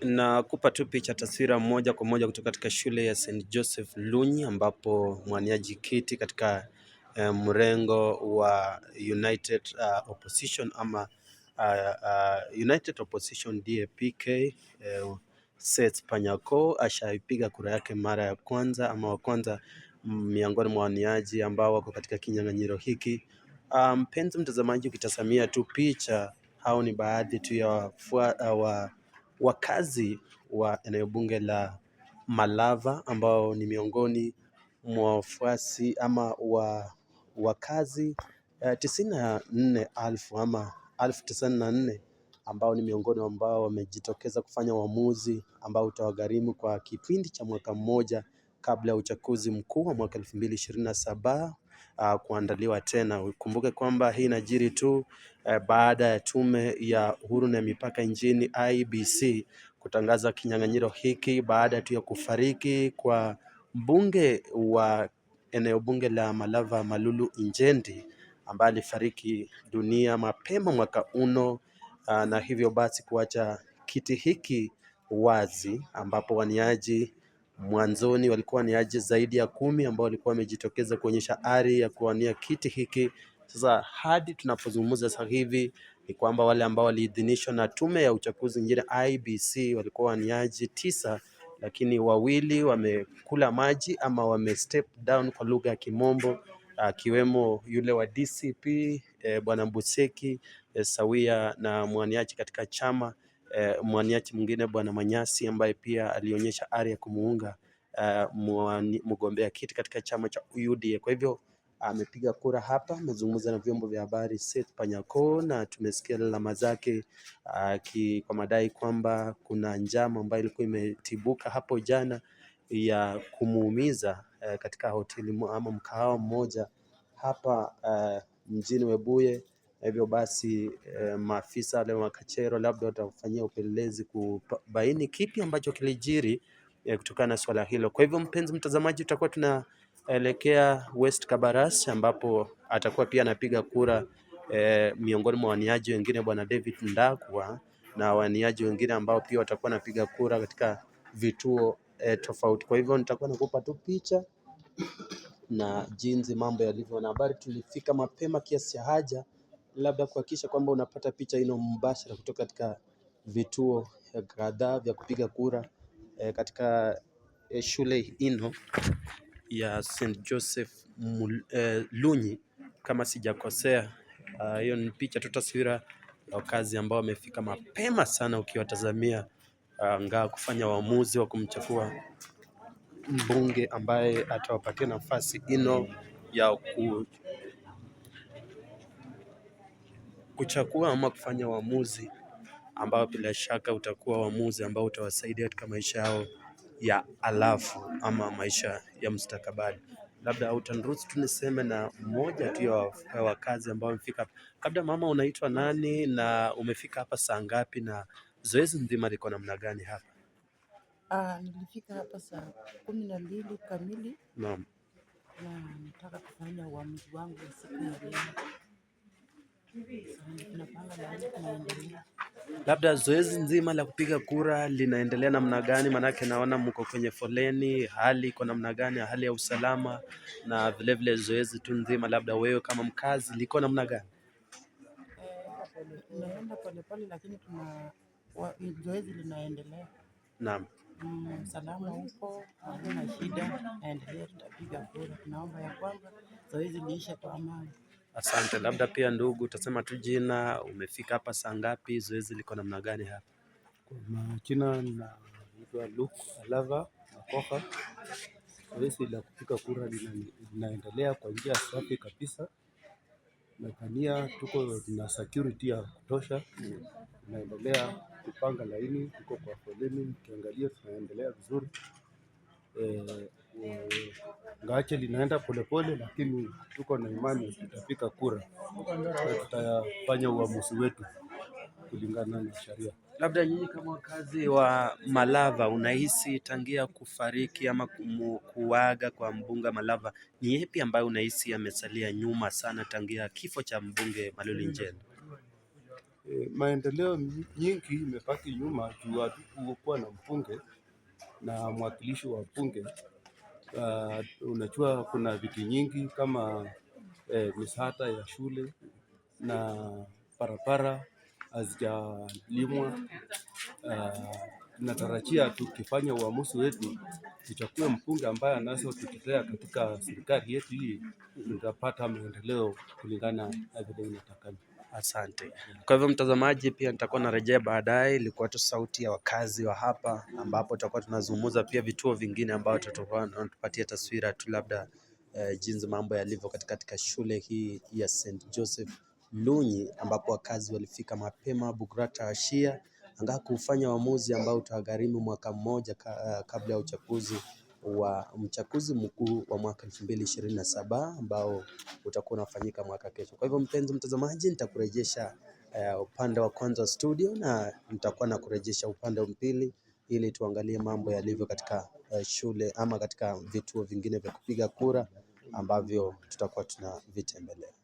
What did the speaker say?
na kupa tu picha taswira moja kwa moja kutoka katika shule ya St Joseph Lunyi, ambapo mwaniaji kiti katika eh, mrengo wa United uh, Opposition ama uh, uh, United Opposition DAPK eh, Seth Panyako ashaipiga kura yake mara ya kwanza ama wa kwanza mm, miongoni mwa waniaji ambao wako katika kinyang'anyiro hiki. Mpenzi um, mtazamaji, ukitazamia tu picha, hao ni baadhi tu ya wakazi wa, wa eneo bunge la Malava ambao ni miongoni mwa wafuasi ama wa wakazi eh, tisini na nne elfu ama elfu tisini na nne ambao ni miongoni ambao wamejitokeza kufanya uamuzi ambao utawagharimu kwa kipindi cha mwaka mmoja kabla ya uchaguzi mkuu wa mwaka elfu mbili ishirini na saba uh, kuandaliwa tena. Ukumbuke kwamba hii inajiri tu uh, baada ya tume ya uhuru na mipaka nchini IBC kutangaza kinyang'anyiro hiki baada tu ya kufariki kwa mbunge wa eneo bunge la Malava Malulu Injendi ambaye alifariki dunia mapema mwaka uno, uh, na hivyo basi kuacha kiti hiki wazi ambapo waniaji Mwanzoni walikuwa ni aje zaidi ya kumi ambao walikuwa wamejitokeza kuonyesha ari ya kuwania kiti hiki. Sasa hadi tunapozungumza sasa hivi ni kwamba wale ambao waliidhinishwa na tume ya uchaguzi nchini IBC walikuwa waniaji tisa, lakini wawili wamekula maji ama wame step down kwa lugha ya Kimombo, akiwemo yule wa DCP e, eh, bwana Mbuseki e, sawia na mwaniaji katika chama eh, mwaniaji mwingine Bwana Manyasi ambaye pia alionyesha ari ya kumuunga eh, mgombea kiti katika chama cha UDA. Kwa hivyo amepiga kura hapa, amezungumza na vyombo vya habari Seth Panyako, na tumesikia lalama zake aki- kwa madai kwamba kuna njama ambayo ilikuwa imetibuka hapo jana ya kumuumiza eh, katika hoteli ama mkahawa mmoja hapa eh, mjini Webuye Hivyo basi eh, maafisa wale wa labda watafanyia upelelezi kubaini kipi ambacho kilijiri eh, kutokana na swala hilo. Kwa hivyo, mpenzi mtazamaji, tutakuwa tunaelekea West Kabaras ambapo atakuwa pia anapiga kura eh, miongoni mwa waniaji wengine bwana David Ndakwa na waniaji wengine ambao pia watakuwa napiga kura katika vituo eh, tofauti. Kwa hivyo nitakuwa nakupa tu picha na jinsi mambo yalivyo, na habari tulifika mapema kiasi cha haja labda kuhakikisha kwamba unapata picha ino mbashara kutoka katika vituo kadhaa vya kupiga kura eh, katika eh, shule ino ya St Joseph Mul, eh, Lunyi kama sijakosea. Ah, hiyo uh, ni picha tu, taswira ya wakazi ambao wamefika mapema sana, ukiwatazamia uh, ah, ngaa kufanya uamuzi wa kumchafua mbunge ambaye atawapatia nafasi ino ya ku kuchagua ama kufanya uamuzi ambao bila shaka utakuwa uamuzi ambao utawasaidia katika maisha yao ya alafu ama maisha ya mustakabali. Labda utaniruhusu tu niseme na mmoja tu ya wakazi ambao wamefika. Labda mama, unaitwa nani na umefika hapa saa ngapi na zoezi nzima liko namna gani hapa? Ah, nilifika hapa saa kumi na mbili kamili. Naam. Na nataka kufanya uamuzi wangu siku ya leo. Labda zoezi nzima la kupiga kura linaendelea namna gani? Maanake naona mko kwenye foleni, hali iko namna gani? Hali ya usalama na vilevile vile zoezi tu nzima, labda wewe kama mkazi, liko namna gani? Tunaenda polepole lakini tuna zoezi linaendelea. Naam. Mm, salama upo, hakuna shida, naendelea, tutapiga kura. Tunaomba ya kwamba zoezi liishe kwa amani. Asante. Labda pia ndugu, utasema tu jina, umefika hapa saa ngapi, zoezi liko namna gani hapa? Kwa majina naitwa Luke Alava Makoha. Zoezi la kupiga kura linaendelea kwa njia safi kabisa. Nadhania tuko na security ya kutosha, tunaendelea kupanga laini, tuko kwa foleni, ukiangalia tunaendelea vizuri e, ngaache linaenda polepole, lakini tuko na imani tutapika kura na tutafanya uamuzi wetu kulingana na sheria. Labda nyinyi kama wakazi wa Malava, unahisi tangia kufariki ama kuaga kwa mbunge Malava, ni yepi ambayo unahisi amesalia nyuma sana tangia kifo cha mbunge Maloli Njeni? E, eh, maendeleo nyingi imebaki nyuma juu hatukuwa na mbunge na mwakilishi wa bunge Uh, unajua kuna vitu nyingi kama eh, misata ya shule na barabara hazijalimwa. Uh, natarajia tukifanya uamuzi wetu tuchakuwe mpunge ambaye anaweza anazotutetea katika serikali yetu hii, tutapata maendeleo kulingana na vile inatakana. Asante. Kwa hivyo mtazamaji, pia nitakuwa narejea baadaye. Ilikuwa tu sauti ya wakazi wa hapa, ambapo tutakuwa tunazungumza pia vituo vingine ambao tutapatia taswira tu labda eh, jinsi mambo yalivyo katika, katika shule hii ya St Joseph Lunyi, ambapo wakazi walifika mapema bugrata Ashia angaa kufanya uamuzi ambao utagharimu mwaka mmoja eh, kabla ya uchaguzi wa mchaguzi mkuu wa mwaka 2027 ambao utakuwa unafanyika mwaka kesho. Kwa hivyo, mpenzi mtazamaji, nitakurejesha uh, upande wa kwanza wa studio na nitakuwa na kurejesha upande wa pili ili tuangalie mambo yalivyo katika uh, shule ama katika vituo vingine vya kupiga kura ambavyo tutakuwa tunavitembelea.